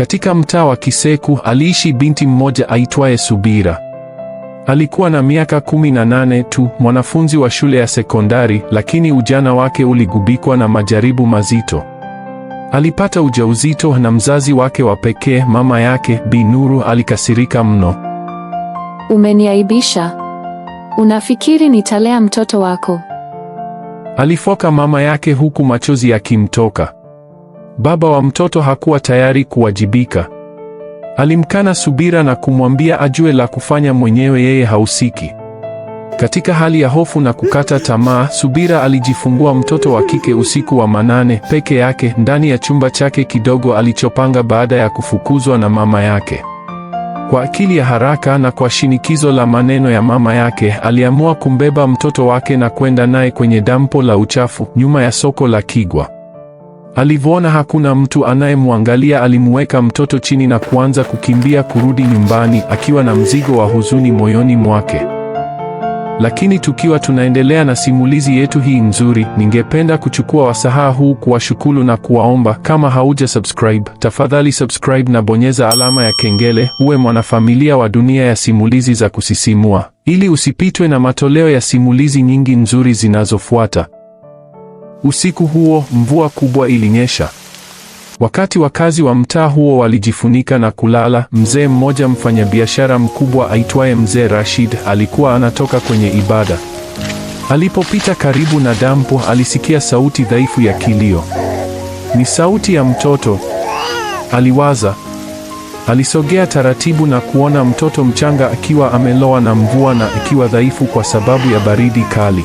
Katika mtaa wa Kiseku aliishi binti mmoja aitwaye Subira. Alikuwa na miaka kumi na nane tu, mwanafunzi wa shule ya sekondari, lakini ujana wake uligubikwa na majaribu mazito. Alipata ujauzito na mzazi wake wa pekee, mama yake Bi Nuru, alikasirika mno. Umeniaibisha, unafikiri nitalea mtoto wako? Alifoka mama yake huku machozi yakimtoka. Baba wa mtoto hakuwa tayari kuwajibika. Alimkana subira na kumwambia ajue la kufanya mwenyewe, yeye hahusiki. Katika hali ya hofu na kukata tamaa, Subira alijifungua mtoto wa kike usiku wa manane peke yake ndani ya chumba chake kidogo alichopanga baada ya kufukuzwa na mama yake. Kwa akili ya haraka na kwa shinikizo la maneno ya mama yake, aliamua kumbeba mtoto wake na kwenda naye kwenye dampo la uchafu nyuma ya soko la Kigwa. Alivyoona hakuna mtu anayemwangalia, alimweka mtoto chini na kuanza kukimbia kurudi nyumbani, akiwa na mzigo wa huzuni moyoni mwake. Lakini tukiwa tunaendelea na simulizi yetu hii nzuri, ningependa kuchukua wasaha huu kuwashukuru na kuwaomba, kama hauja subscribe, tafadhali subscribe na bonyeza alama ya kengele, uwe mwanafamilia wa Dunia ya Simulizi za Kusisimua, ili usipitwe na matoleo ya simulizi nyingi nzuri zinazofuata. Usiku huo mvua kubwa ilinyesha. Wakati wakazi wa mtaa huo walijifunika na kulala, mzee mmoja mfanyabiashara mkubwa aitwaye Mzee Rashid alikuwa anatoka kwenye ibada. Alipopita karibu na dampo, alisikia sauti dhaifu ya kilio. Ni sauti ya mtoto, aliwaza. Alisogea taratibu na kuona mtoto mchanga akiwa ameloa na mvua na akiwa dhaifu kwa sababu ya baridi kali.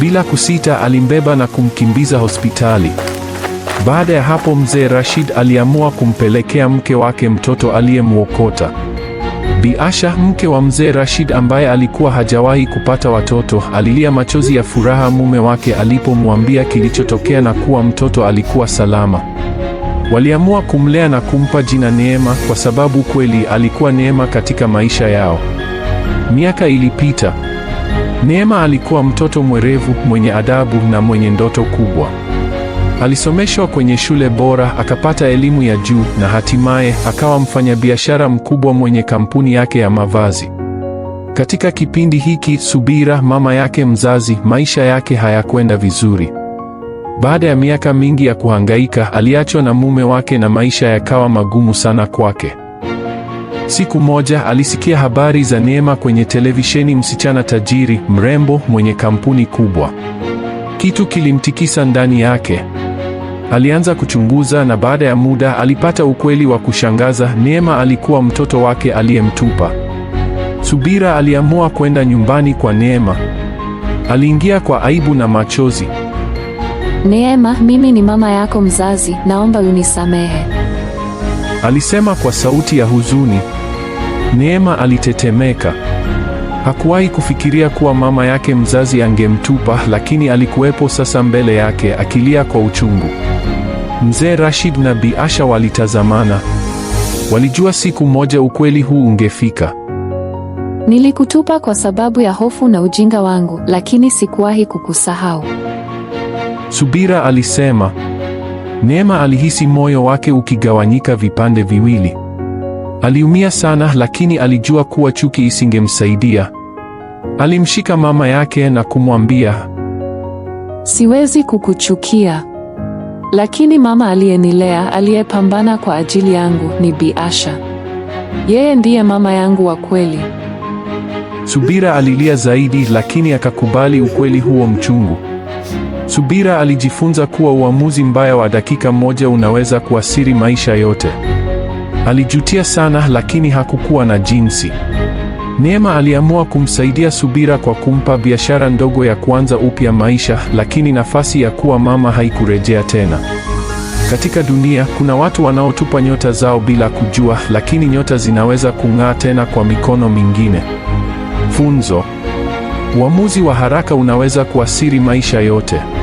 Bila kusita alimbeba na kumkimbiza hospitali. Baada ya hapo, mzee Rashid aliamua kumpelekea mke wake mtoto aliyemwokota. Bi Asha, mke wa mzee Rashid ambaye alikuwa hajawahi kupata watoto, alilia machozi ya furaha mume wake alipomwambia kilichotokea na kuwa mtoto alikuwa salama. Waliamua kumlea na kumpa jina Neema kwa sababu kweli alikuwa neema katika maisha yao. Miaka ilipita. Neema alikuwa mtoto mwerevu, mwenye adabu na mwenye ndoto kubwa. Alisomeshwa kwenye shule bora, akapata elimu ya juu na hatimaye akawa mfanyabiashara mkubwa mwenye kampuni yake ya mavazi. Katika kipindi hiki Subira, mama yake mzazi, maisha yake hayakwenda vizuri. Baada ya miaka mingi ya kuhangaika, aliachwa na mume wake na maisha yakawa magumu sana kwake. Siku moja alisikia habari za Neema kwenye televisheni, msichana tajiri, mrembo, mwenye kampuni kubwa. Kitu kilimtikisa ndani yake. Alianza kuchunguza na baada ya muda alipata ukweli wa kushangaza. Neema alikuwa mtoto wake aliyemtupa. Subira aliamua kwenda nyumbani kwa Neema. Aliingia kwa aibu na machozi. Neema, mimi ni mama yako mzazi, naomba unisamehe, alisema kwa sauti ya huzuni. Neema alitetemeka. Hakuwahi kufikiria kuwa mama yake mzazi angemtupa, lakini alikuwepo sasa mbele yake akilia kwa uchungu. Mzee Rashid na Bi Asha walitazamana. Walijua siku moja ukweli huu ungefika. Nilikutupa kwa sababu ya hofu na ujinga wangu, lakini sikuwahi kukusahau. Subira alisema. Neema alihisi moyo wake ukigawanyika vipande viwili. Aliumia sana, lakini alijua kuwa chuki isingemsaidia. Alimshika mama yake na kumwambia, siwezi kukuchukia, lakini mama aliyenilea, aliyepambana kwa ajili yangu ni Bi Asha. Yeye ndiye mama yangu wa kweli. Subira alilia zaidi, lakini akakubali ukweli huo mchungu. Subira alijifunza kuwa uamuzi mbaya wa dakika moja unaweza kuasiri maisha yote. Alijutia sana lakini hakukuwa na jinsi. Neema aliamua kumsaidia Subira kwa kumpa biashara ndogo ya kuanza upya maisha, lakini nafasi ya kuwa mama haikurejea tena. Katika dunia kuna watu wanaotupa nyota zao bila kujua, lakini nyota zinaweza kung'aa tena kwa mikono mingine. Funzo: uamuzi wa haraka unaweza kuasiri maisha yote.